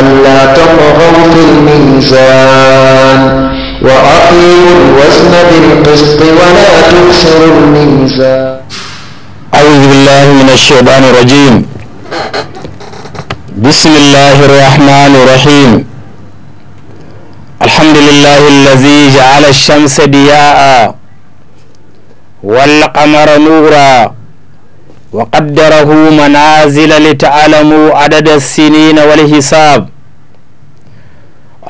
ألا تطغوا في الميزان وأقيموا الوزن بالقسط ولا تكسروا الميزان أعوذ بالله من الشيطان الرجيم بسم الله الرحمن الرحيم الحمد لله الذي جعل الشمس ضياء والقمر نورا قدره منازل لتعلموا عدد السنين والحساب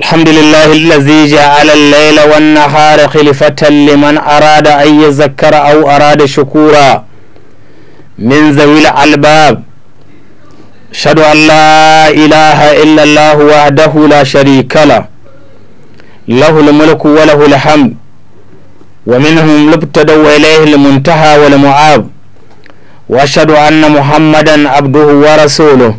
الحمد لله الذي جعل الليل والنهار خلفة لمن أراد أن يذكر أو أراد شكورا من ذوي الألباب أشهد أن لا إله إلا الله وحده لا شريك له له الملك وله الحمد ومنهم لابتدوا وإليه المنتهى والمعاب واشهد ان محمدا عبده ورسوله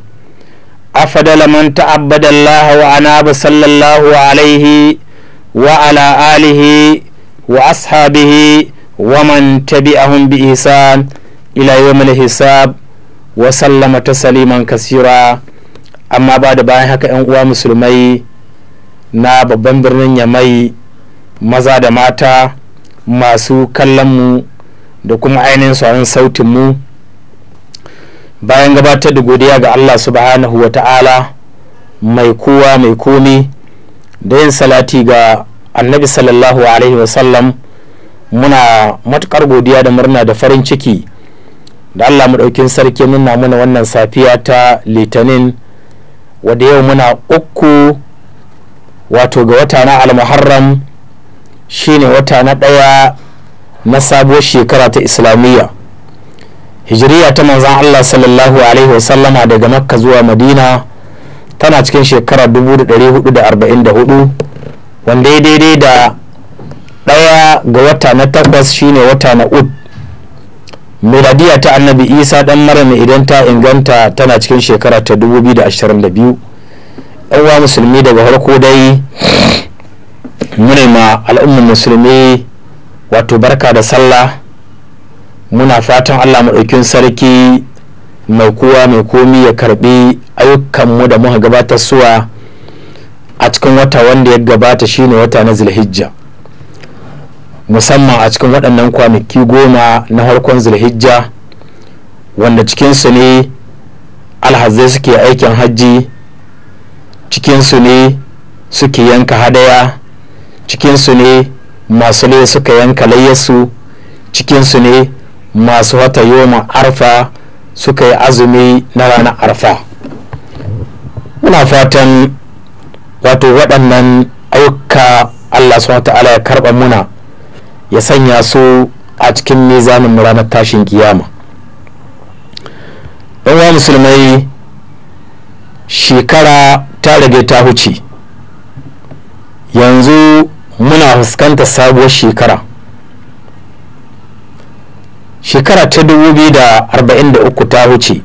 افضل من تعبد الله واناب صلى الله عليه وعلى اله واصحابه ومن تبعهم باحسان الى يوم الحساب وسلم تسليما كثيرا amma ba da bayan haka 'yan uwa musulmai na babban birnin yamai maza da mata masu kallonmu da kuma ainihin sautin sautinmu bayan gabatar da godiya ga Allah subhanahu wa ta'ala mai kowa mai komi da yin salati ga annabi sallallahu alaihi wasallam muna matukar godiya da murna da farin ciki da Allah maɗaukin sarki nuna muna wannan safiya ta litinin wadda yau muna uku wato ga wata na almuharram shine wata na ɗaya na sabuwar shekara ta islamiyya hijiriya ta manzan allah sallallahu alaihi wasallama daga makka zuwa madina tana cikin shekara 1444 wanda ya daidai da ɗaya ga wata na takwas shine wata na ud miladiya ta annabi isa dan maryam idan ta inganta tana cikin shekara ta 2022 uwa musulmi daga farko dai muna ma al'ummar musulmi wato barka da sallah muna fatan allah maɗaukin sarki mai kowa mai komi ya karbi ayyukanmu da muka gabatar suwa a cikin wata wanda ya gabata shine wata na zilhijja musamman a cikin waɗannan kwanaki goma na harkon zilhijja wanda cikinsu ne alhazai suke aikin hajji cikinsu ne suke yanka hadaya cikinsu ne masu suka yanka layyarsu cikinsu ne masu wata yoma arfa suka yi azumi na ranar arfa muna fatan wato waɗannan ayyuka allah su ta'ala ya karɓa muna ya sanya su a cikin mizanin ranar tashin kiyama ɗan musulmai shekara ta rage ta huce yanzu muna fuskanta sabuwar shekara shekara ta 2043 ta wuce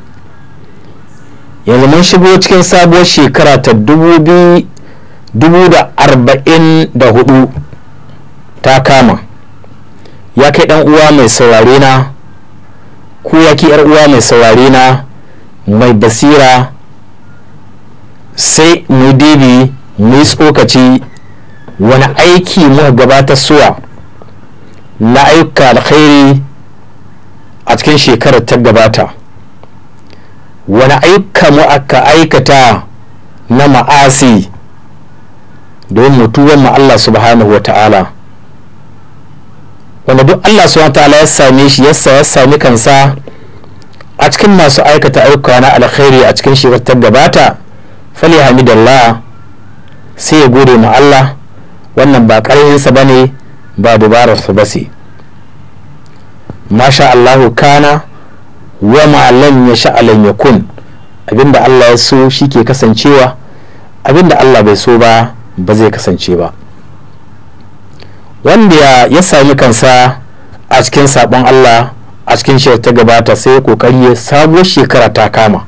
yanzu mun shigo cikin sabuwar shekara ta 2044 ta kama ya kai dan uwa mai saurare na ko ya ki yar uwa mai saurare na mai basira sai mu dibi mu yi tsokaci wani aiki muka gabatar suwa na ayyuka alkhairi a cikin shekarar ta gabata wani aika mu aka aikata na ma'asi don mutuwan Allah subhanahu wa ta'ala wanda duk Allah subhanahu wa ta'ala ya same shi yasa ya sami kansa a cikin masu aikata ayyuka na alkhairi a cikin shekarar ta gabata fali hamidallah sai ya gode ma Allah wannan ba ƙarfinsa ba ne ba dubararsa ba sai masha Allahu kana wa ma ya sha'alan ya kun abinda Allah ya so shi ke kasancewa abinda Allah bai so ba ba zai kasance ba wanda ya sami kansa a cikin sabon Allah a cikin shekarar ta gabata sai ya kokari ya sabuwar shekara ta kama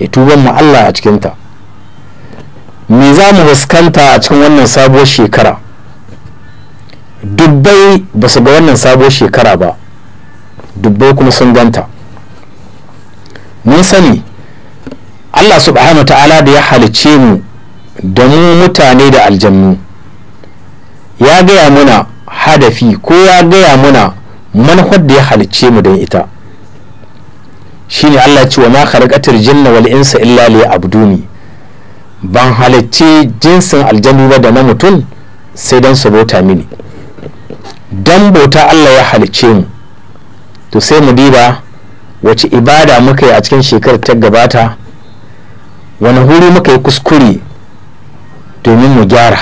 ya tuban mu Allah a cikinta me za mu fuskanta a cikin wannan sabuwar shekara dubbai ba su ga wannan sabuwar shekara ba dubbai kuma sun ganta mun sani allah subhanahu ta'ala da ya halicce mu da mu mutane da aljannu ya gaya muna hadafi ko ya gaya muna manufar da ya halicce mu don ita shine allah ce wa ma jinna wal insa illa li abduni ban halicce jinsin aljannu ba da na mutum sai dan su bauta mini dan bauta Allah ya halicce mu to sai mu diba wace ibada muka yi a cikin shekarar ta gabata wani huri muka yi kuskure domin mu gyara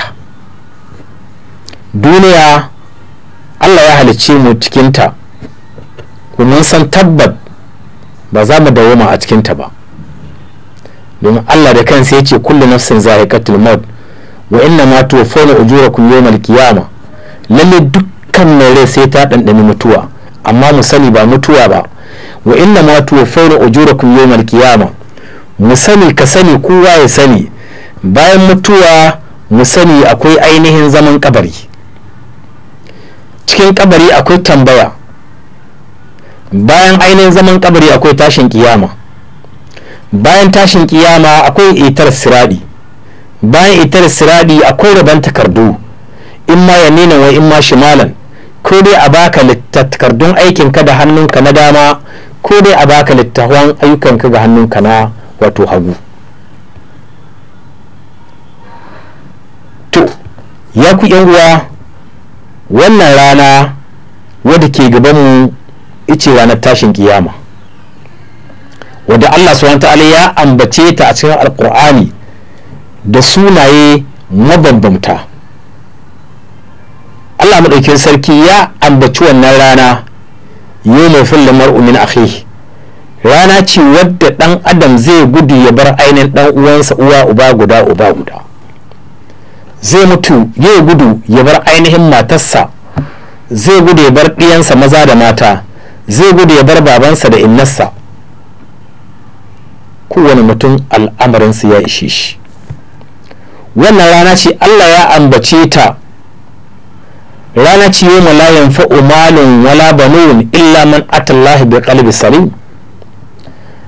duniya Allah ya halicce mu cikinta mun san tabbat ba za mu dawoma a cikinta ba domin Allah da kansa ya ce kullu nafsin zaiqatul maut wa inna ma tuwaffawna ujurakum yawmal qiyamah lalle duk dukkan na rai sai ta ɗanɗani mutuwa amma mu sani ba mutuwa ba wa inna ma ujura ujurakum yawmal kiyama mu sani ka sani kowa ya sani bayan mutuwa mu sani akwai ainihin zaman kabari cikin kabari akwai tambaya bayan ainihin zaman kabari akwai tashin kiyama bayan tashin kiyama akwai itar siradi bayan itar siradi akwai rabon takardu in ma yamina wa in ma shimalan ko dai a baka takardun aikinka da hannunka na dama ko dai a baka littafan ayyukanka ga hannunka na wato hagu to ya ku uwa wannan rana wadda ke gabanmu ice ranar tashin kiyama wadda allah subhanahu ta'ala ya ambace ta a cikin alkur'ani da sunaye mabambamta Allah maɗaukin sarki ya ambaci wannan rana yomo fil mar'u min rana ce wadda ɗan adam zai gudu ya bar ainihin ɗan uwansa uwa uba guda uba guda zai mutu ya gudu ya bar ainihin matarsa zai gudu ya bar ɗiyansa maza da mata zai gudu ya bar babansa da innarsa kowane mutum al'amarinsu ya ishe shi wannan rana ce allah ya ambace ta rana ce yi la fa’o malin wala banun illa man atallahi bi kalbi salim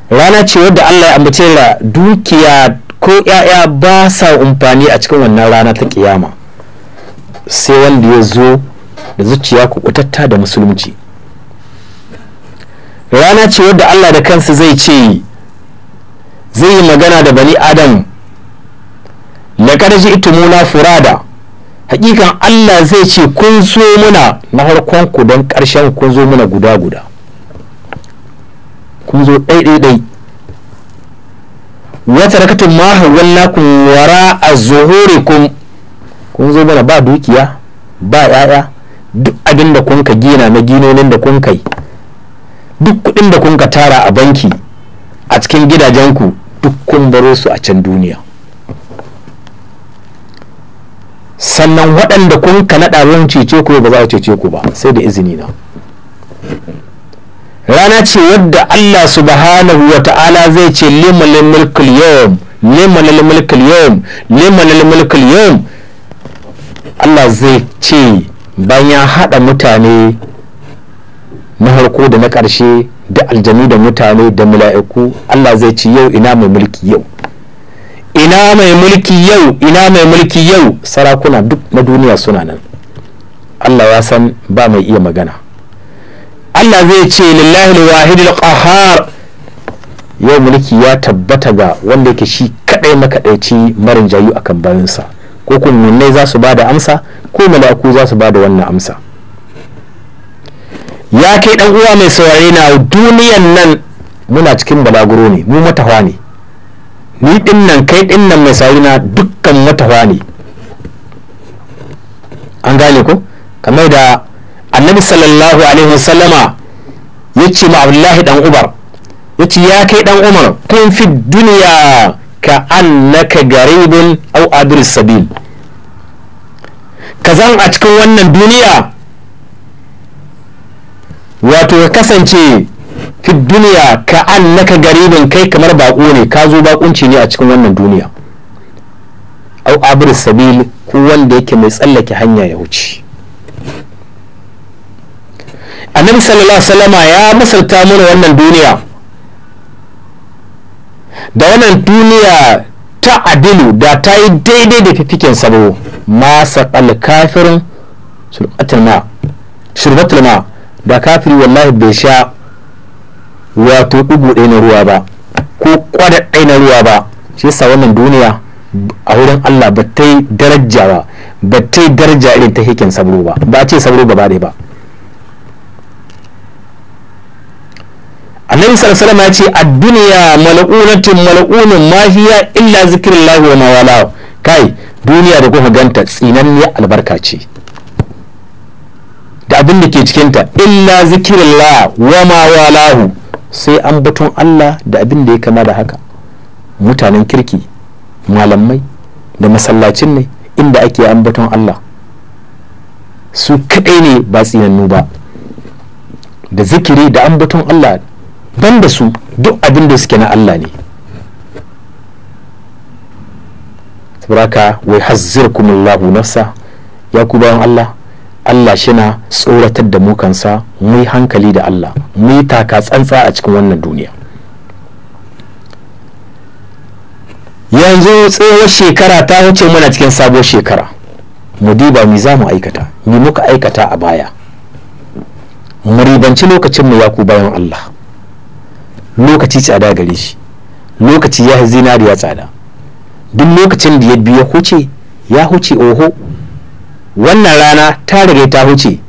rana ce wadda Allah ya ambace da dukiya ko yaya ba sa amfani a cikin wannan rana ta kiyama sai wanda ya zo da zuciya kutatta da musulunci rana ce wadda Allah da kansu zai ce zai yi magana da bani adam laqad ji'tumuna furada hakikan Allah zai ce kun zo muna na harkon ku don ƙarshen kun zo muna guda guda kun zo ɗai dai wata rakatun ma hawallakun wara a kun zo mana ba dukiya ba ya'ya duk abin da kun ka gina na ginonin da kun kai duk kuɗin da kun ka tara a banki a cikin gidajenku duk kun baro su a can duniya sannan waɗanda kun ka naɗa ruwan cece ku ba za a cece ku ba sai da izini na rana ce yadda Allah subhanahu wa ta'ala zai ce limalin mulkul yawm limalin mulkul yawm limalin mulkul yawm Allah zai ce bayan ya haɗa mutane na harko da na ƙarshe da aljanu da mutane da mala'iku Allah zai ce yau ina mai mulki yau ina mai mulki yau ina mai mulki yau sarakuna duk na duniya suna nan Allah ya san ba mai iya magana Allah zai ce lillahi wahidil qahar yau mulki ya tabbata ga wanda yake shi kadai makadaici marin jayu akan bayansa ko kunnunnai za su bada amsa ko mala'iku za su bada wannan amsa ya kai dan uwa mai saurare na duniyan nan muna cikin balaguro ne mu matawa ne ni ɗinnan kai ɗinnan mai na dukkan matawa ne an gane ko kamar da annabi sallallahu alaihi wasallama ya ce ma abdullahi dan ubar ya ya kai dan umar kun fi duniya ka annaka garibin au adir sabil ka zan a cikin wannan duniya wato ya kasance fi duniya ka annaka garibin kai kamar bako ne ka zo bakunci ne a cikin wannan duniya au abir sabili ko wanda yake mai tsallake hanya ya wuce annabi sallallahu salama ya masarta mana wannan duniya da wannan duniya ta adilu da ta yi daidai da fifikin sabo masa alkafirin Shirbatulma da kafiri wallahi bai sha wato ugu ɗaya na ruwa ba ko ƙwada ɗaya na ruwa ba shi yasa wannan duniya a wurin Allah ba ta yi daraja ba ba ta yi daraja irin ta hikin sabro ba ba ce sabro ba ɗaya ba annabi sallallahu ya ce ad-dunya mal'unatun mal'unun ma hiya illa zikrullahi wa mawala kai duniya da kuka ganta tsinanniya albarka ce da abin da ke cikinta illa zikrullahi wa mawalahu sai an batun Allah da abin da ya kama da haka mutanen kirki malamai da masallacin ne inda ake ambaton Allah su kaɗai ne ba tsinannu ba da zikiri da ambaton Allah ban da su duk abin da suke na Allah ne saboda wai hazzirkumullahu nafsa ya ku bayan Allah Allah shina tsoratar da mu mai hankali da Allah mu taka tsantsa a cikin wannan duniya yanzu tsohuwar shekara ta wuce muna cikin sabuwar shekara mu diba mi za mu aikata mi muka aikata a baya mu ribanci lokacinmu ya ku bayan Allah lokaci tsada gare shi lokaci ya zinariya tsada duk lokacin da ya biya huce ya huce oho wannan rana ta riga ta huce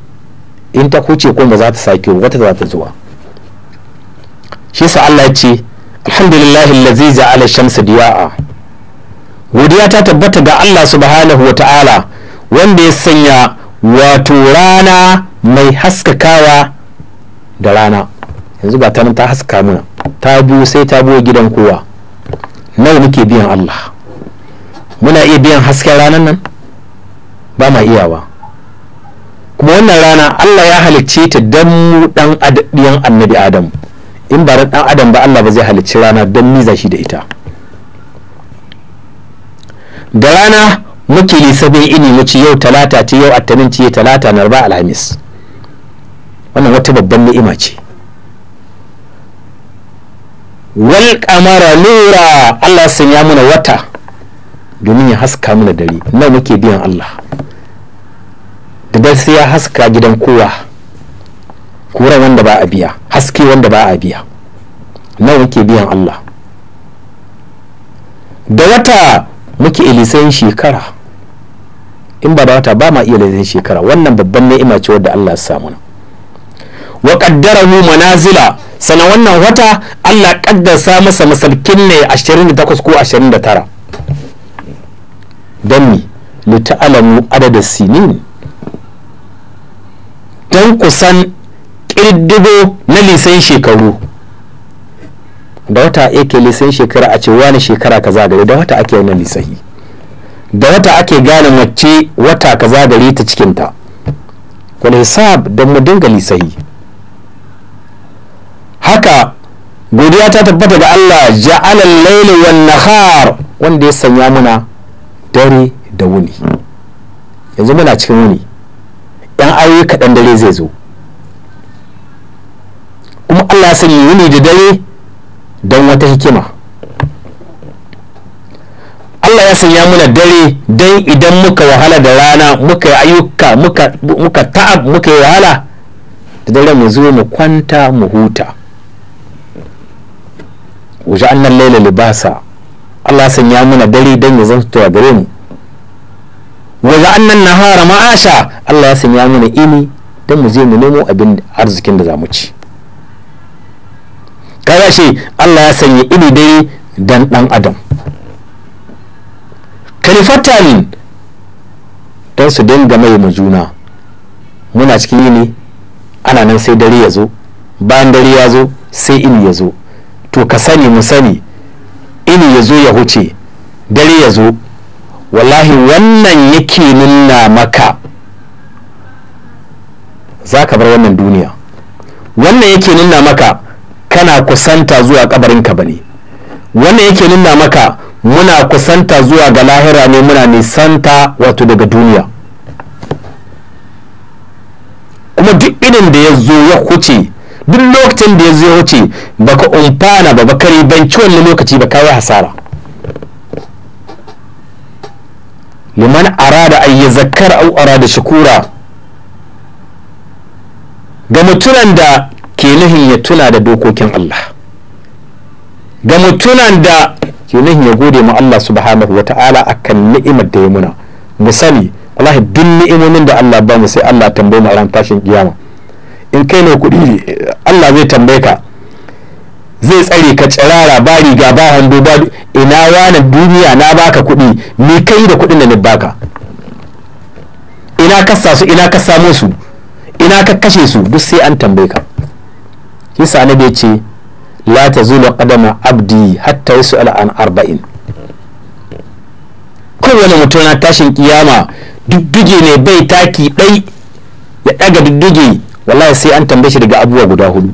in ta huce kuma za ta sake wata za ta zuwa shi sa Allah ya ce alhamdulillahi allazi ja'ala shamsa diya'a godiya ta tabbata ga Allah subhanahu wa ta'ala wanda ya sanya wato rana mai haskakawa da rana yanzu ba ta nan ta haska muna ta biyu sai ta biyo gidan kowa nawa muke biyan Allah muna iya biyan hasken ranar nan ba ma iyawa kuma wannan rana Allah ya halicce ta dan mu dan adadiyan annabi Adam in ba dan Adam ba Allah ba zai halicci rana dan niza shi da ita da rana muke lisabin ini mu ci yau talata ce yau attanin ce talata na ba alhamis wannan wata babban ni'ima ce wal kamara lura Allah ya sanya mana wata domin ya haska mana dare nan muke biyan Allah da sai ya haska gidan kowa kura wanda ba a biya haske wanda ba a biya nan muke biyan Allah da wata muke ilisan shekara in ba da wata ba ma iya ilisan shekara wannan babban ni'ima ce wadda Allah ya samu wa qaddarahu manazila sana wannan wata Allah kaddasa masa masalkin ne 28 ko 29 don mi li ta'lamu adada sinin don kusan ƙirdigo na lisan shekaru da wata ake lisan shekara a ce wani shekara ka zagare da wata ake wani lisahi da wata ake gane mace wata kaza zagare ta cikinta wani hisab don mu dinga lisahi haka godiya ta tabbata ga Allah ja'alal laili wan nahar wanda ya sanya muna dare da wuni yanzu muna cikin wuni dan ayoyi kaɗan dare zai zo kuma allah sani wuni da dare don wata hikima allah ya sanya muna dare don idan muka wahala da rana muka yi ayyuka muka ta'ab muka yi wahala da dare mu zo mu kwanta mu huta wajen annan laila libasa allah ya sanya muna dare don ya a gare mu wa na nahara ma'asha Allah ya sanya mana ini dan mu je mu nemo abin arzikin da za mu ci kaga shi Allah ya sanya ini dai dan dan adam kalifatani don su dinga mai mu juna muna cikin yini ana nan sai dare ya zo bayan dare ya zo sai ini ya zo to ka sani mu sani ini ya zo ya huce dare ya zo wallahi wannan yake nuna maka za ka bar wannan duniya wannan yake nuna maka kana kusanta zuwa kabarinka ba ne wannan yake nuna maka muna kusanta zuwa ga lahira ne muna nisanta wato daga duniya kuma duk irin da ya zo ya huce duk lokacin da ya zo ya huce baka umfana ba baka ribanci wani lokaci ba kawai hasara liman arada an yi zakar au arada shukura ga mutunan da ke nuhin ya tuna da dokokin Allah ga mutunan da ke nuhin ya gode ma Allah subhanahu wa ta'ala akan ni'imar da ya muna misali wallahi duk ni'imomin da Allah ba mu sai Allah tambaye mu ran tashin kiyama in kai ne kuɗi Allah zai tambaye ka zai tsare ka tsirara ba riga ba hando ba ina wani duniya na baka kuɗi ni kai da kuɗin da ni baka ina ka su ina ka samu su ina ka kashe su duk sai an tambaye ka yasa annabi bai ce la tazulu qadama abdi hatta yus'ala an arba'in kowane mutum na tashin kiyama dudduge ne bai taki ɗai ya ɗaga dudduge wallahi sai an tambaye shi daga abubuwa guda hudu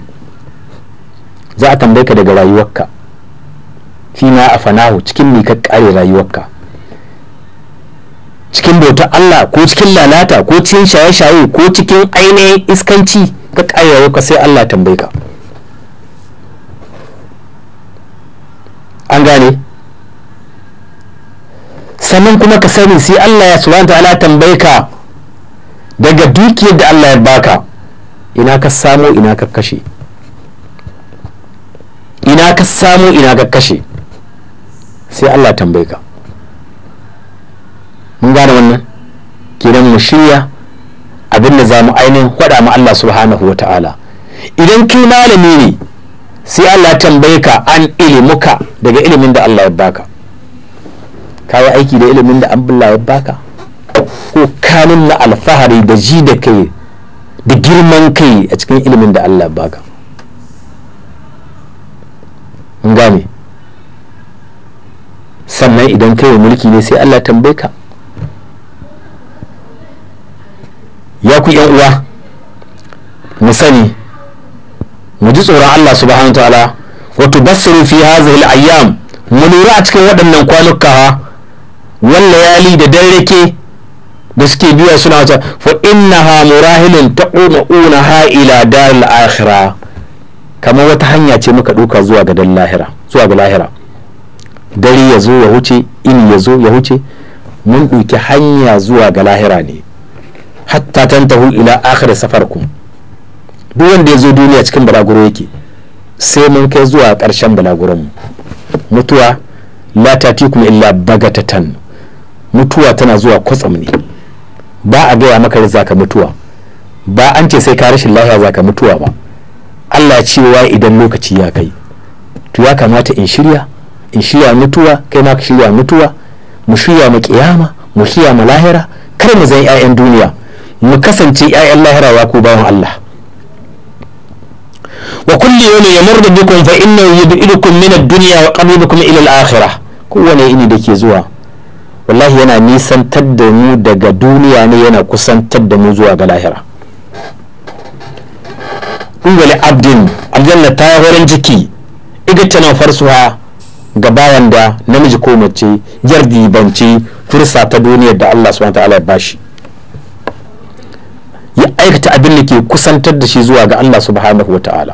za a tambaye ka daga rayuwarka fina a fanahu cikin me ka kare rayuwarka cikin bautar Allah ko cikin lalata ko cikin shaye-shaye ko cikin ainihin iskanci ka kare ka sai Allah tambaye ka an gane sannan kuma ka sani sai Allah ya subhanahu ta'ala tambaye ka daga dukiyar da Allah ya baka ina ka samo ina ka kashe ka samu ina ka kashe sai Allah tambaye ka mun gane wannan kenan mu shirya abin da za mu ainihin kwada mu Allah subhanahu wata'ala idan kai malami ne sai Allah tambaye ka an ilimuka daga ilimin da Allah ya baka ka aiki da ilimin da Allah ya baka ko kanin na alfahari da ji da kai da girman kai a cikin ilimin da Allah ya baka gane sannan idan kai wa mulki ne sai Allah tambaye ka ya ku yan uwa mu sani mu ji tsoron Allah subhanahu ta'ala wa tubassiru fi hadhihi al-ayyam mu lura a cikin waɗannan kwanuka wallayali layali da dareke da suke biya suna wata fa innaha murahilun taquna ha ila daril akhirah kamar wata hanya ce muka ɗuka zuwa ga dan lahira zuwa ga lahira dare ya zo ya huce in ya zo ya huce mun ɗauki hanya zuwa ga lahira ne hatta tantahu ila akhir ku duk wanda ya zo duniya cikin balaguro yake sai mun kai zuwa karshen balaguron mu mutuwa la tatikum illa bagatatan mutuwa tana zuwa kwatsam ne ba a gaya maka za mutuwa ba an ce sai ka rashin lahiya zaka mutuwa ba Allah cewa idan lokaci ya kai to ya kamata in shirya in shirya mutuwa kai ma ka shirya mutuwa mu shirya mu kiyama mu shirya mu lahira kar mu zan 'ya'yan duniya mu kasance 'ya'yan lahira wa ko bawan Allah wa kulli yawmin yamurru bikum fa innahu yud'idukum min ad-dunya wa qaribukum ila al-akhirah kowane ini da ke zuwa wallahi yana nisantar da mu daga duniya ne yana kusantar da mu zuwa ga lahira huwa li abdin aljanna ta horon jiki iga igatanan farsuwa ga bayan da namiji ko mace yardi bance fursa ta duniya da Allah subhanahu ta'ala ya bashi ya aikata abin da ke kusantar da shi zuwa ga Allah subhanahu wa ta'ala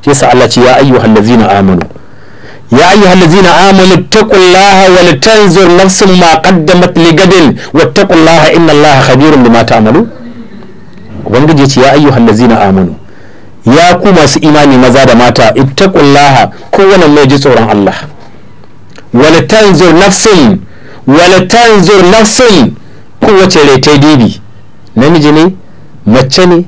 shi yasa Allah ce ya ayyuhal ladzina amanu ya ayyuhal ladzina amanu taqullaha wa tanzur nafsun ma qaddamat ligadin wa taqullaha innallaha khabirun bima ta'malu ubangiji ya ce ya ayyuhal ladzina amanu ya ku masu imani maza da mata ita ittaqullaha kowane mai ji tsoron Allah wala tanzur nafsin wala tanzur nafsin kowace rai ta dibi namiji ne mace ne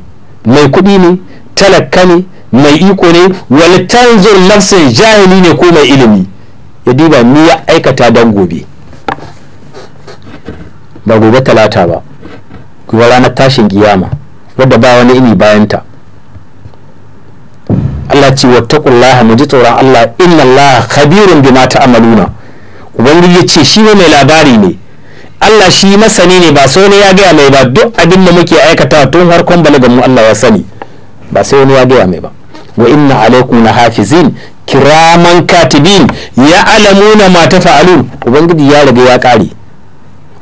mai kuɗi ne talaka ne mai iko ne wala tanzur nafsin jahili ne ko mai ilimi ya diba ni ya aikata dan gobe ba gobe talata ba kuma ranar tashin kiyama wadda ba wani ini bayanta Allah ce wattaqullaha mu ji tsoron Allah inna Allah khabirun bima ta'maluna ubangiji ya ce shi ne mai labari ne Allah shi masani ne ba sai wani ya gaya mai ba duk abin da muke aikatawa tun harkon balagan mu Allah ya sani ba sai wani ya gaya mai ba wa inna alaikum hafizin kiraman katibin ya alamuna ma fa'alu ubangiji ya riga ya kare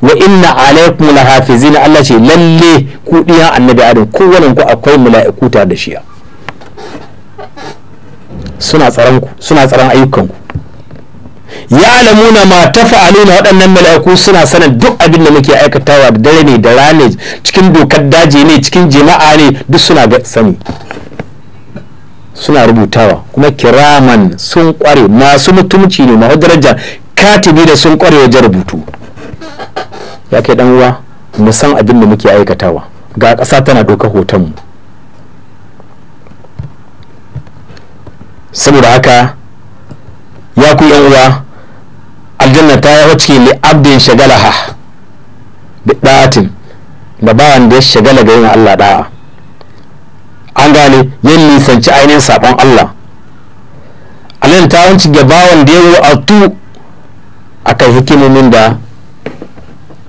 wa inna alaikum hafizin Allah ce lalle ku diyan annabi adam kowannen ku akwai mala'iku ta da shi suna tsaron ku suna tsaron ayyukanku ya'lamuna ma tafa'aluna waɗannan mala'iku suna sanin duk abin da muke aikatawa da dare ne da rane cikin dokar daji ne cikin jama'a ne duk suna ga sani suna rubutawa kuma kiraman sun kware masu mutumci ne masu daraja katibi da sun kware wajen rubutu ya kai dan uwa mu san abin da muke aikatawa ga ƙasa tana dokar hoton mu saboda haka ya ku yan uwa aljanna ta yi wacce li abdin shagalaha da da'atin da ba wanda ya shagala ga yin Allah da'a an gane yin nisanci ainihin sabon Allah aljanna ta wanci ga bawan da ya a kai hikimomin da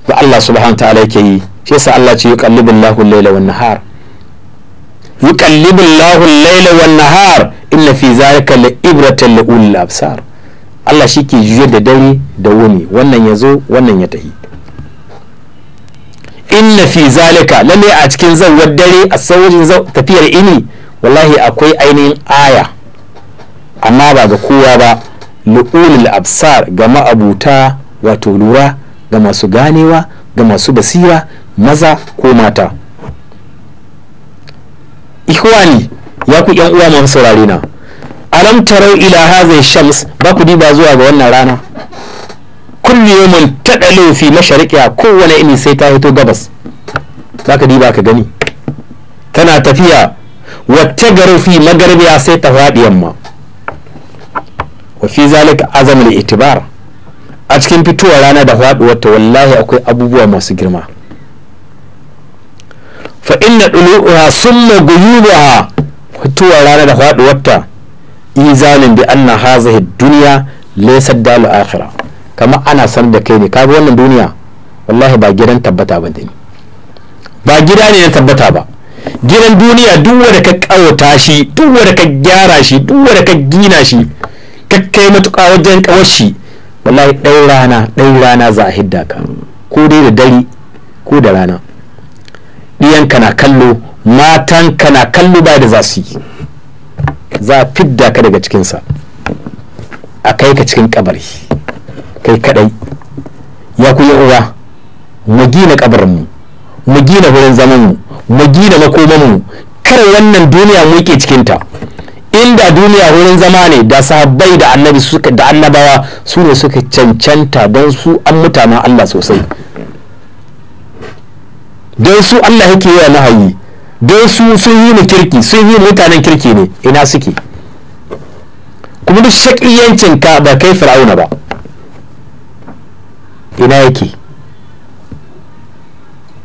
da Allah subhanahu ta'ala yake yi shi yasa Allah ce kallibin al-laila wan nahar yuqallibu Allahu al-laila wan nahar inna fi zalika la ibratan Allah shi ke juya da dare da wuni wannan ya zo wannan ya tahi inna fi zalika lalle a cikin zawar dare a saurin tafiyar ini wallahi akwai ainihin aya amma ba ga kowa ba lu'ulul absar ga ma'abuta wato lura ga masu ganewa ga masu basira maza ko mata ikhwani ya ku yan uwa masu saurare na alam tarau ila hadha shams ba ku diba zuwa ga wannan rana kullu yawmin tadalu fi mashariqiha kowane ini sai ta fito gabas za ka diba ka gani tana tafiya wacce garu fi magarbiya sai ta faɗi yamma wa fi zalika azamul itibar a cikin fitowar rana da faɗuwar ta wallahi akwai abubuwa masu girma fa inna dulu'uha summa guyubaha fitowar rana da faduwarta izanin bi anna hazihi duniya laysa dalu akhira kama ana san da kai ne kaga wannan duniya wallahi ba gidan tabbata ba ne ba gida ne na tabbata ba gidan duniya duk wanda ka kawata shi duk wanda ka gyara shi duk wanda ka gina shi ka kai matuƙa wajen kawar shi wallahi dai rana dai rana za a hidda ka ko dai da dare ko da rana ɗiyanka na kallo matanka na kallo ba da za su yi za a fidda ka daga cikinsa a kai ka cikin kabari kai kadai ya kuyi uwa mu gina kabarinmu mu gina wurin zamanmu mu gina makomanmu kar wannan duniya mu ke cikinta inda duniya wurin zama ne da sahabbai da annabi da annabawa su ne suka cancanta don su an mutanen Allah sosai don su Allah yake yi lahayi don su sun yi mu kirki sun yi mutanen kirki ne ina suke kuma duk shakiyancin ka ba kai fir'auna ba ina yake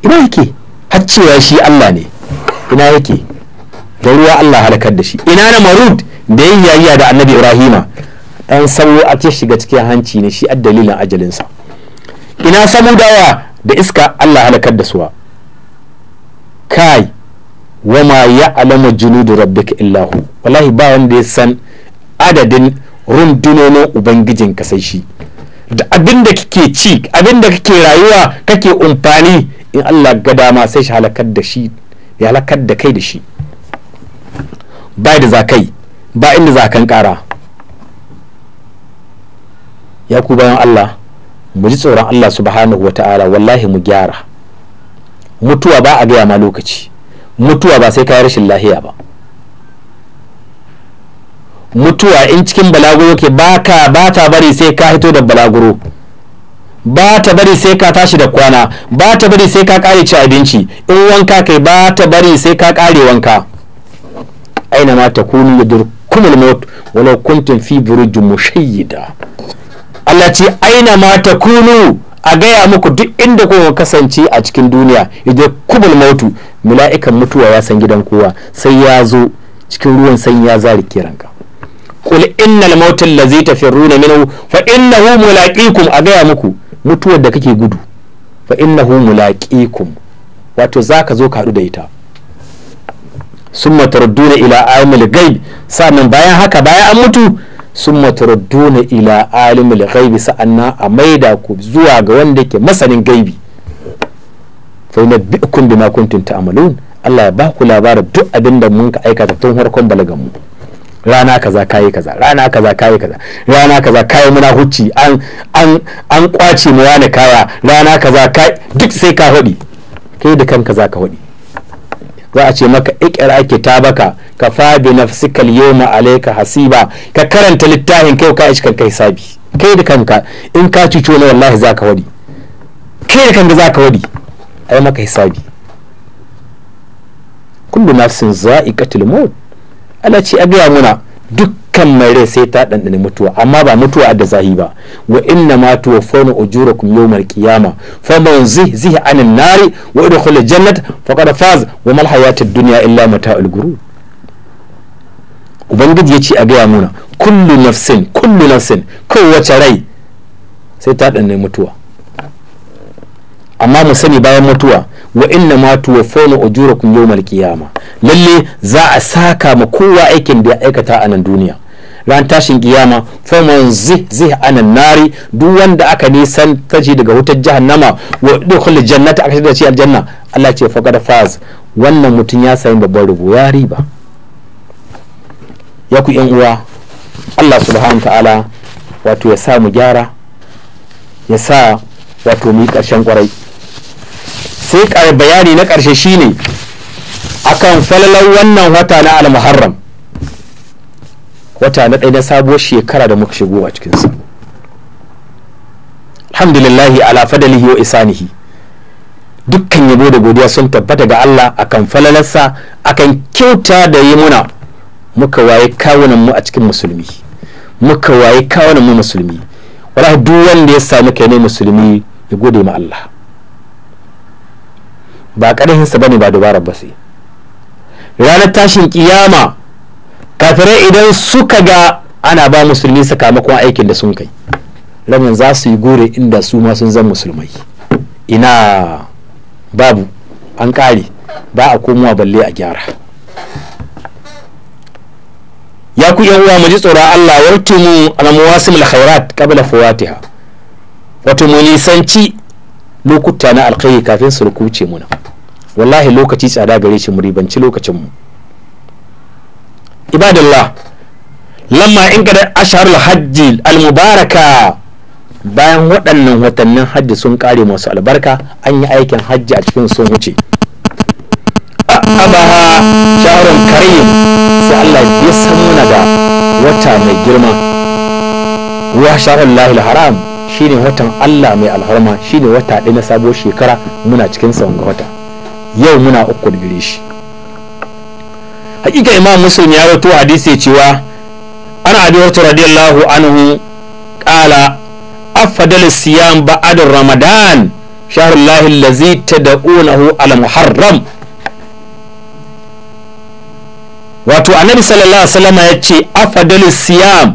ina yake har cewa shi Allah ne ina yake da ruwa Allah halakar da shi ina na marud da yin yayya da annabi Ibrahim ɗan sanwo a ta shiga cikin hanci ne shi a dalilin ajalinsa ina dawa da iska Allah halakar da suwa kai wama ya alama junudu rabbika illahu wallahi ba wanda ya san adadin rundunonin ubangijin ka sai shi da abin kike ci abin da kake rayuwa kake umfani in Allah ga dama sai shi halakar da shi ya halakar da kai da shi ba da zakai ba inda zakan kara ya ku bayan Allah mu ji tsoron Allah subhanahu wata'ala wallahi mu gyara mutuwa ba a gaya ma lokaci mutuwa ba sai yi rashin lahiya ba mutuwa in cikin balaguro ke baka ba ta bari sai ka hito da balaguro ba ta bari sai ka tashi da kwana ba ta bari sai ka kare ci abinci in wanka kai ba ta bari sai ka kare wanka aina ma kunu da al mot walau kuntum fi burujin mushayyida Allah ce aina ma kunu a gaya muku duk inda kuka kasance a cikin duniya idan kubul mautu mala'ikan mutuwa ya san gidan kowa sai ya zo cikin ruwan sanyi ya zari kiranka qul innal mautal ladzi tafirruna minhu fa innahu mulaqikum a gaya muku mutuwar da kake gudu fa innahu mulaqikum wato zaka zo ka hadu da ita summa turduna ila amil ghaib sannan bayan haka bayan an mutu sun maturadduna ila alimul ghaibi sa'anna a maida ku zuwa ga wanda ke masanin gaibi fa yunabbi'ukum bima kuntum ta'malun Allah ya ba ku labarin duk abin da mun ka aikata tun harkon balagan mu rana kaza kayi kaza rana kaza kayi kaza rana kaza kayi muna hucci an an an kwace mu wani kaya rana kaza kai duk sai ka hodi kai da kanka za ka hodi za a ce maka ikira kitabaka ka fa bi nafsika al-yawma alayka hasiba ka karanta littafin kai ka iska kai sabi kai da kanka in ka cuci wani wallahi zaka wadi kai da kanka zaka wadi ai maka hisabi kullu nafsin za'iqatul maut Allah ce a gaya muna duk kan mai rai sai ta ɗanɗani mutuwa amma ba mutuwa da zahi ba wa inna ma tuwaffawna yau mai kiyama fa yanzu zihi anin nari wa udkhula jannata faqad faz wa mal ta duniya illa mata'ul ulguru ubangiji ya ce a gaya muna kullu nafsin kullu nafsin kowace rai sai ta ɗanɗani mutuwa amma mu sani bayan mutuwa wa inna ma tuwaffawna yau mai kiyama lalle za a saka ma kowa aikin da ya aikata a nan duniya ran tashin kiyama faman zih zih anan nari duk wanda aka nisan taji daga wutar jahannama wa dukhul jannata aka shirya ce aljanna Allah ce fa faqad faz wannan mutum ya sami babban rubu ya riba ya ku yan uwa Allah subhanahu ta'ala wato ya sa mu gyara ya sa wato mu yi karshen kwarai sai bayani na karshe shine akan falalar wannan wata na al-muharram wata na ɗaya na sabuwar shekara da muka shigo a cikinsa alhamdulillahi ala fadalihi wa isanihi dukkan yabo da godiya sun tabbata ga Allah akan falalarsa akan kyauta da yi muna muka waye kawunan mu a cikin musulmi muka waye kawunan mu musulmi wala duk wanda ya samu kai ne musulmi ya gode ma Allah ba ƙarhinsa bane ba dubarar ba sai ranar tashin kiyama kafirai idan suka ga ana ba musulmi sakamakon aikin da sun kai ranar za su yi gore inda su ma sun zan musulmai ina babu an ƙare ba a komowa balle a gyara ya ku yan uwa mu ji tsoron Allah wartumu ala muwasim al kabila qabla fawatiha wato mu nisanci lokuta na alkhairi kafin su rukuce muna wallahi lokaci tsada gare shi mu ribanci lokacin mu ibadallah lamma in kada asharul hajji almubaraka bayan waɗannan watannin hajji sun kare masu albarka an yi aikin hajji a cikin sun wuce abaha sharon karim sai Allah ya san muna da wata mai girma wa sharon lahil haram shine watan Allah mai alharma shine wata ɗaya na sabuwar shekara muna cikin sa wata yau muna uku da shi hakika imam muslim ya rawaito hadisi cewa ana abi wata radiyallahu anhu qala afdal siyam ba'd ramadan shahrullahi allazi tad'unahu al muharram wato annabi sallallahu alaihi wasallam ya ce afdal siyam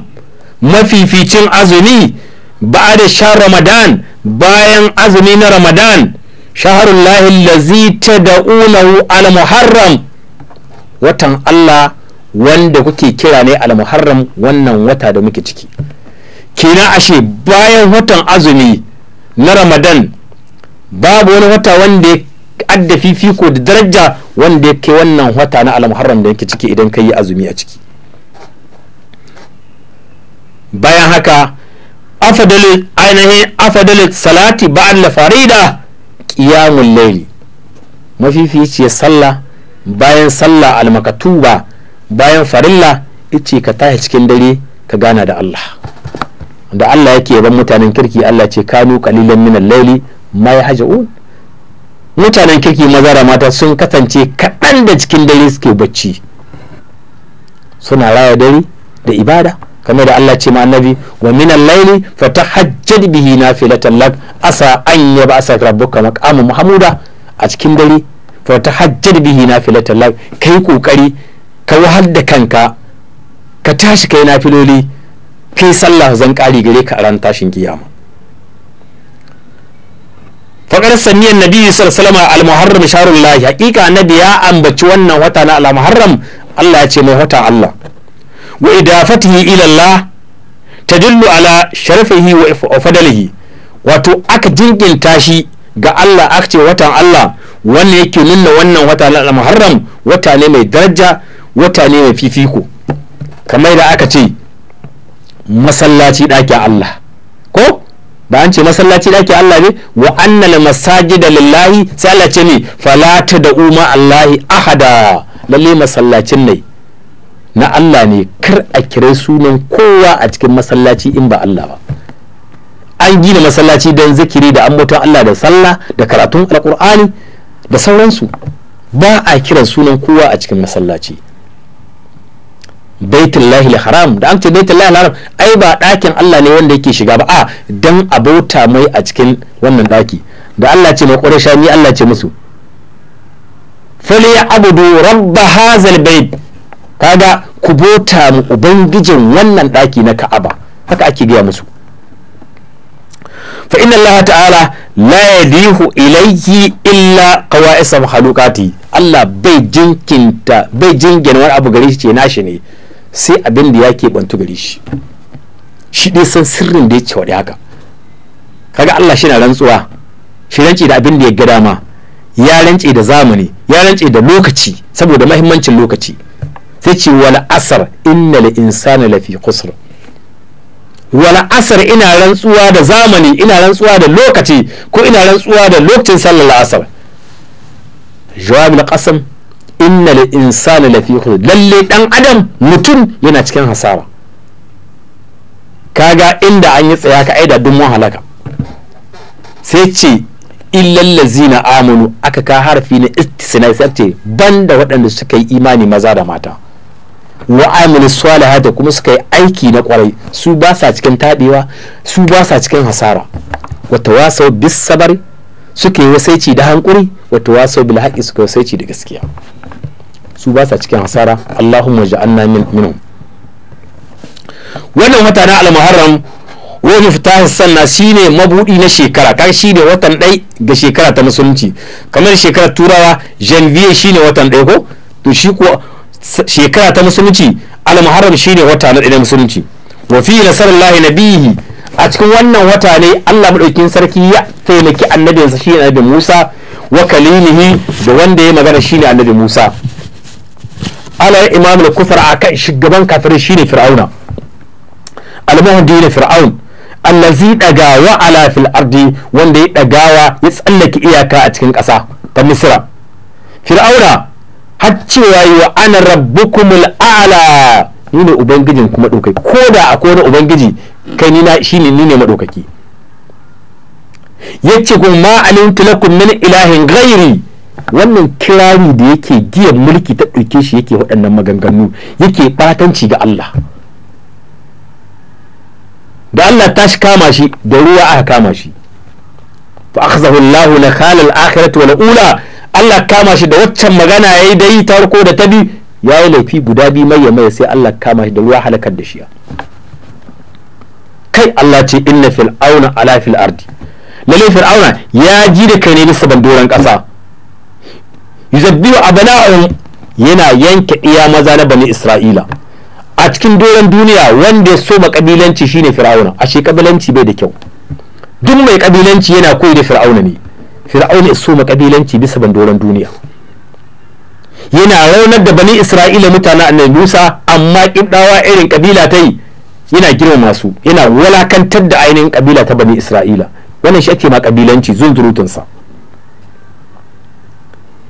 mafificin azumi ba'da shahr ramadan bayan azumi na ramadan shahrullahi allazi tad'unahu al muharram watan Allah wanda kuke kira ne al-muharram wannan wata da muke ciki kina ashe bayan watan azumi na ramadan babu wani wata wanda adda fifiko da daraja wanda ya kai wannan wata na al-muharram da yake ciki idan ka yi azumi a ciki bayan haka afadali ainihin afadali salati ba'al farida qiyamul mafifi mafificiyar sallah bayan sallah ba bayan farilla ice ka tashi cikin dare ka gana da Allah da Allah yake yaban mutanen kirki Allah ce kanu kalilan minal laili ma yahjaun mutanen kirki maza da mata sun kasance kaɗan da cikin dare suke bacci suna raya dare da ibada kamar da Allah ce ma annabi wa min al-layli fatahajjad bihi nafilatan lak asa an asa rabbuka maqama mahmuda a cikin dare fa ta hajjar bihi na nafilatan ka kai kokari ka wahal da kanka ka tashi kai nafiloli kai sallah zan kari gare ka a ran tashin kiyama faƙar saniyar nabi salama al-muharram sharul lahi hakika biya ya ambaci wannan wata na al-muharram Allah ya ce mai wata Allah wa idafatihi ilalla, ta tadullu ala sharafahi, wa fadalihi wato aka jinkinta shi ga Allah aka ce watan Allah wannan yake nuna wannan wata na muharram wata ne mai daraja wata ne mai fifiko kamar da aka ce masallaci ɗakin Allah ko ba an ce masallaci ɗakin Allah ne wa annal masajida lillahi sai Allah ce ne fala da uma Allahi ahada lalle masallacin ne na Allah ne kar a kira sunan kowa a cikin masallaci in ba Allah ba an gina masallaci don zikiri da ambaton Allah da sallah da karatun alkur'ani da sauransu ba a kiran sunan kowa a cikin masallaci baitullahi haram da an ce baitullahi haram ai ba ɗakin Allah ne wanda yake shiga ba a dan abauta mai a cikin wannan ɗaki da Allah ce mai ni Allah ce musu fali ya abudu rabba hazal bait kaga ku bota mu ubangijin wannan ɗaki na Ka'aba haka ake gaya musu fa inna Allah ta'ala la yadihu ilayhi illa qawa'isa makhluqati Allah bai jinkinta bai wani abu gare shi ce nashi ne sai abin da yake bantu gare shi shi dai san sirrin da ya ci wadi haka kaga Allah shi na rantsuwa shi rance da abin da ya ga dama ya rance da zamani ya rance da lokaci saboda mahimmancin lokaci sai ce wal asr innal insana lafi khusr wala asar ina rantsuwa da zamani ina rantsuwa da lokaci ko ina rantsuwa da lokacin sallar asar jawabul qasam inna lil insani lafi lalle dan adam mutum yana cikin hasara kaga inda an yi tsaya ka aida dun halaka sai ce illal lazina amanu aka ka harfi na istisna sai ce banda waɗanda suka yi imani maza da mata wa amilu salihati kuma suka yi aiki na kwarai su ba sa cikin tabewa su ba sa cikin hasara wata tawasau bis sabar suka yi wasaici da hankuri wata tawasau bil haqqi suka wasaici da gaskiya su ba sa cikin hasara Allahumma ja'alna min minhum wannan wata na al-muharram wani fitahin sanna shine mabudi na shekara kan shine watan dai ga shekara ta musulunci kamar shekarar turawa janvier shine watan dai ko to shi kuwa shekara ta musulunci al-muharram shine wata na da musulunci wa fi na nabihi a cikin wannan wata ne Allah madaukin sarki ya taimaki annabinsa shi ne annabi Musa wa kalimihi da wanda ya magana shine annabi Musa ala imam kufar akan shugaban shi shine fir'auna al muhdi ne fir'aun allazi dagawa ala fil ardi wanda ya dagawa ya tsallake iyaka a cikin ƙasa ta misra fir'auna har cewa yi wa ana rabbukumul a'la ni ne ubangijin kuma ɗaukaki ko da a kone ubangiji kai ni na ne, ni ne maɗaukaki ce kuma ma alimtu lakum min ilahin gairi wannan kirari da yake giyan mulki ta ɗauke shi yake waɗannan maganganu yake ɓatanci ga Allah da Allah ta shi kama shi da ruwa aka kama shi fa akhzahu na nakhala al-akhirati wal ula Allah kama shi da waccan magana ya yayi dai ta farko da ta biyu yi laifi guda biyu mai mai sai Allah kama shi da ruwa halakar da shi kai Allah ce inna fil auna ala fil ardi lalle auna ya ji da kai ne bisa bandoran kasa a abana'un yana yanke iya maza na bani isra'ila a cikin doron duniya wanda ya soma kabilanci ne fir'auna ashe kabilanci bai da kyau duk mai kabilanci yana koyi da fir'auna ne fir'aun ya ma kabilanci bisa bandoran duniya yana raunar da bani isra'ila mutane annabi musa amma kibdawa irin kabila ta yi yana girmama su yana walakantar da ainihin kabila ta bani isra'ila wannan shi ake ma kabilanci sa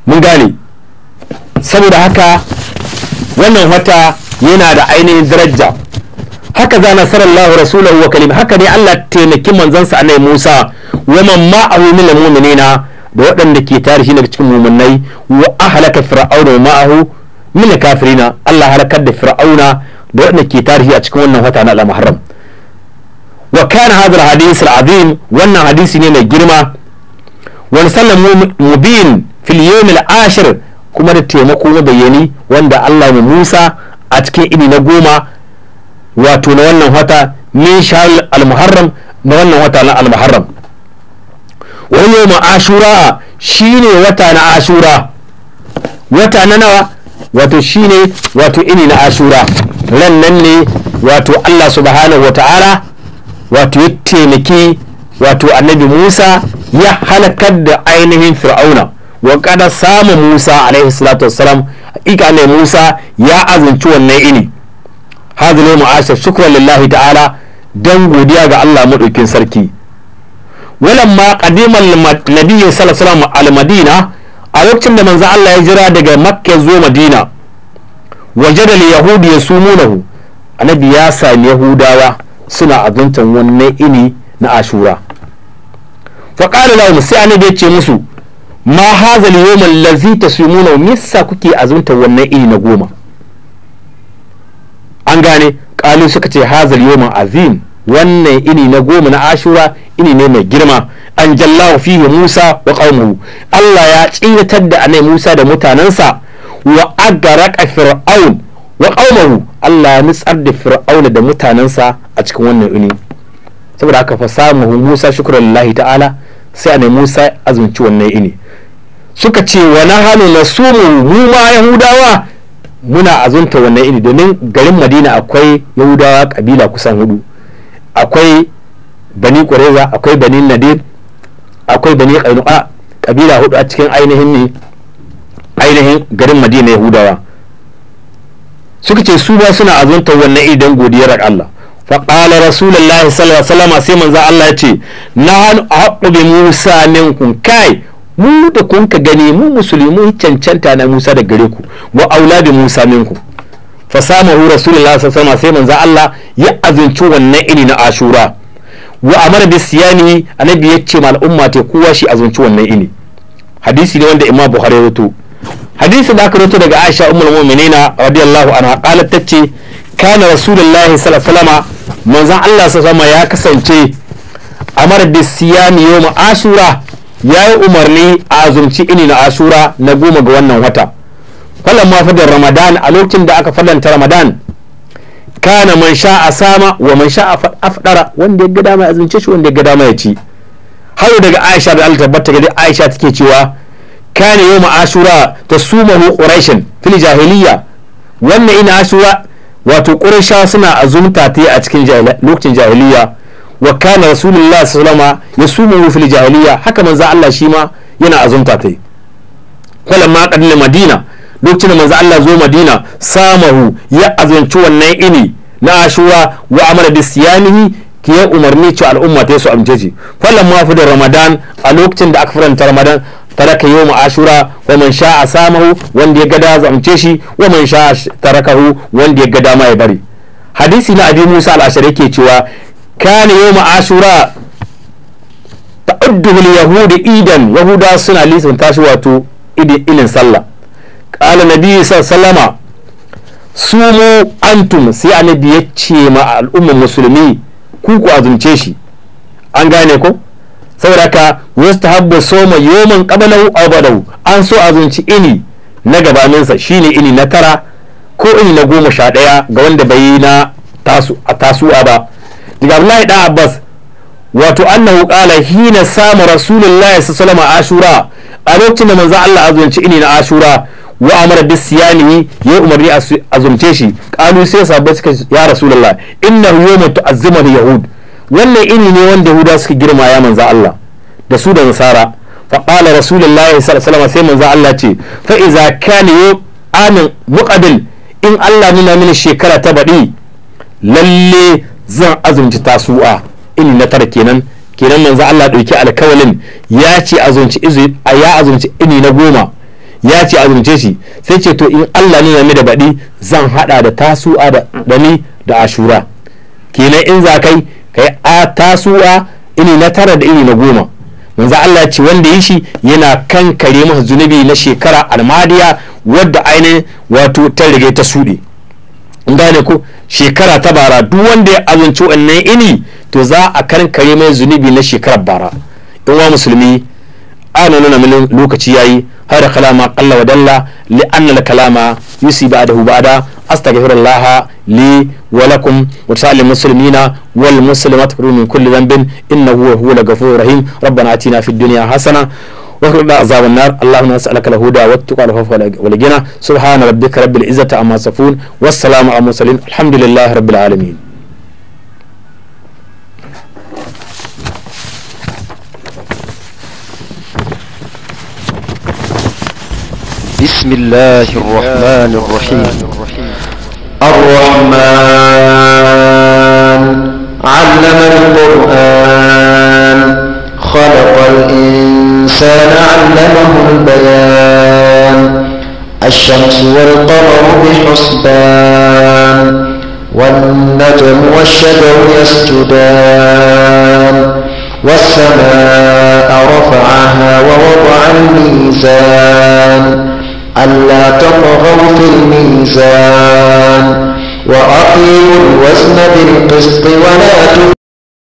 mun gane saboda haka wannan wata yana da ainihin daraja haka za nasarallahu rasulahu wa kalim haka ne Allah taimaki manzansa nai Musa wa man ma'ahu min mu'minina da waɗanda ke tarihi daga cikin mu'minnai wa ahlaka fir'auna wa ma'ahu min kafirina Allah halakar da fir'auna da waɗanda ke tarihi a cikin wannan wata na al-muharram wa kana hadar al-hadith wannan hadisi ne mai girma wa sallamu mubin fil yawm ashir kuma da taimako na bayyani wanda Allah mu Musa a cikin ini na goma wato na wannan wata min shahr al-muharram na wannan wata na al-muharram wa yawm ashura shine wata na ashura wata na nawa wato shine wato ini na ashura ran nan ne wato Allah subhanahu wa ta'ala wato ya taimaki wato annabi Musa ya halakar da ainihin fir'auna wa kada samu Musa alaihi salatu wassalam ika ne Musa ya azunci wannan ini hadhihi ne mu'ashar shukran lillahi ta'ala dan godiya ga Allah madaukin sarki ma qadiman nabiyyi sallallahu alaihi wasallam al-madina a lokacin da manzo Allah ya jira daga makka zuwa madina wajada yahudi yasumunahu annabi ya sami yahudawa suna azuntan wannan ini na ashura fa qala lahum sai annabi ya ce musu ma hazal yawmal ladzi tasumunahu missa kuke azuntan wannan ini na goma an gane kalu suka ce hazal yawmin azim wannan ini na goma na ashura ini ne mai girma an jallahu fihi musa wa qaumuhu Allah ya tsinatar da anai musa da mutanensa. wa agaraka fir'aun wa qaumuhu Allah ya nutsar da fir'aun da mutanansa a cikin wannan ini saboda haka fa samu musa shukran lillahi ta'ala sai anai musa azumci wannan ini suka ce wa nahanu nasumu mu ma yahudawa muna azunta wannan iri domin garin madina akwai yahudawa kabila kusan hudu akwai bani ƙureza akwai bani nadir akwai bani ƙainuka kabila hudu a cikin ainihin ne ainihin garin madina yahudawa suka ce su ba suna azunta wannan iri don godiyar allah faƙala rasulullahi sallallahu alaihi wasallam sai manzo allah ya ce na hannu a haƙƙo bi musa min kai mu da kun ka gani mu musulmi cancanta na Musa da gare ku wa auladi Musa minku fa hu rasulullah sallallahu alaihi sai manzo Allah ya azinci wannan iri na Ashura wa amara bi siyani annabi ya ce mal umma ta kowa shi azunci wannan iri hadisi ne wanda imam bukhari ya rawaito hadisi da aka rawaito daga aisha ummul mu'minina radiyallahu anha qalat tace kana rasulullahi sallallahu alaihi wasallam manzo Allah sallallahu ya kasance amara bi siyani yawm ashura ya yi umarni a azumci ini na ashura na goma ga wannan wata falan ma ramadan a lokacin da aka fadanta ramadan kana man sha a sama wa man sha a afdara wanda ya ga dama azumce shi wanda ya ga dama ci har daga aisha da altabbata ga aisha take cewa kana yau ashura ta sumahu quraishin fil jahiliya wannan ina ashura wato quraisha suna azumta ta a cikin lokacin jahiliya wa kana rasulullahi sallallahu alaihi wasallam yasumu fil jahiliya haka manzo Allah shi ma yana azumta tai falan ma kadin madina lokacin da manzo Allah zo madina samahu ya azumci wannan ini na ashura wa amara bi siyamihi ki ya umarni ci al'umma ta su amince shi falan ma fi da ramadan a lokacin da aka faranta ramadan taraka yawma ashura wa man sha'a samahu wanda ya gada zamce shi wa man sha'a tarakahu wanda ya gada dama ya bari hadisi na abi musa al-ashari ke cewa kana yau asura ta'udduhul yahudi idan yahuda suna lisan tashi wato ilin sallah ƙala nabi sallama sumu antum sai annabi ya ce ma al'ummar musulmi ku ku azumce shi an gane ko saboda haka yastahabbu soma yawman qablahu aw badahu an so azumci ini na gabaninsa shine ini na tara ko ini na goma sha ɗaya ga wanda bai na a tasuwa ba daga Abdullahi dan Abbas wato annahu qala hina samu rasulullahi sallallahu alaihi ashura a lokacin da manzo Allah azumci ini na ashura wa amara bis siyami ya umarni azumce shi qalu sai sahabbai suka ya rasulullahi innahu yawmu tu'azzimu yahud wannan ini ne wanda yahuda suka girma ya manzo Allah da su da nasara fa qala rasulullahi sallallahu alaihi sai manzo Allah ce fa iza kana amin muqabil in Allah nuna mini shekara ta baɗi lalle zan azumci tasu'a ini na tara kenan kenan manzo Allah dauki alkawalin ya ce azumci izu ya azumci ini na goma ya ce azumce shi sai ce to in Allah ne ya da baɗi zan hada da tasu'a da ni da ashura kenan in za kai kai a tasu'a ini na tara da ini na goma manzo Allah ce wanda yi shi yana kankare masa zunubi na shekara almadiya wadda ainihin wato ta rigai ta suɗe in gane ku shekara ta bara duk wanda ya azunci wannan ini to za a kare mai zunubi na shekarar bara in wa musulmi a nuna mini lokaci yayi har kalama qalla wa dalla li anna kalama yusi ba'dahu ba'da astaghfirullah li wa lakum wa sa'il muslimina wal muslimat min kulli dhanbin innahu huwa al-ghafurur rahim rabbana atina fid dunya hasana واخلقنا عذاب النار اللهم نسألك الهدى والتقى فوق والغنى سبحان ربك رب العزة عما يصفون والسلام على المرسلين الحمد لله رب العالمين بسم الله الرحمن الرحيم الرحمن علم الإنسان علمه البيان الشمس والقمر بحسبان والنجم والشجر يسجدان والسماء رفعها ووضع الميزان ألا تطغوا في الميزان وأقيموا الوزن بالقسط ولا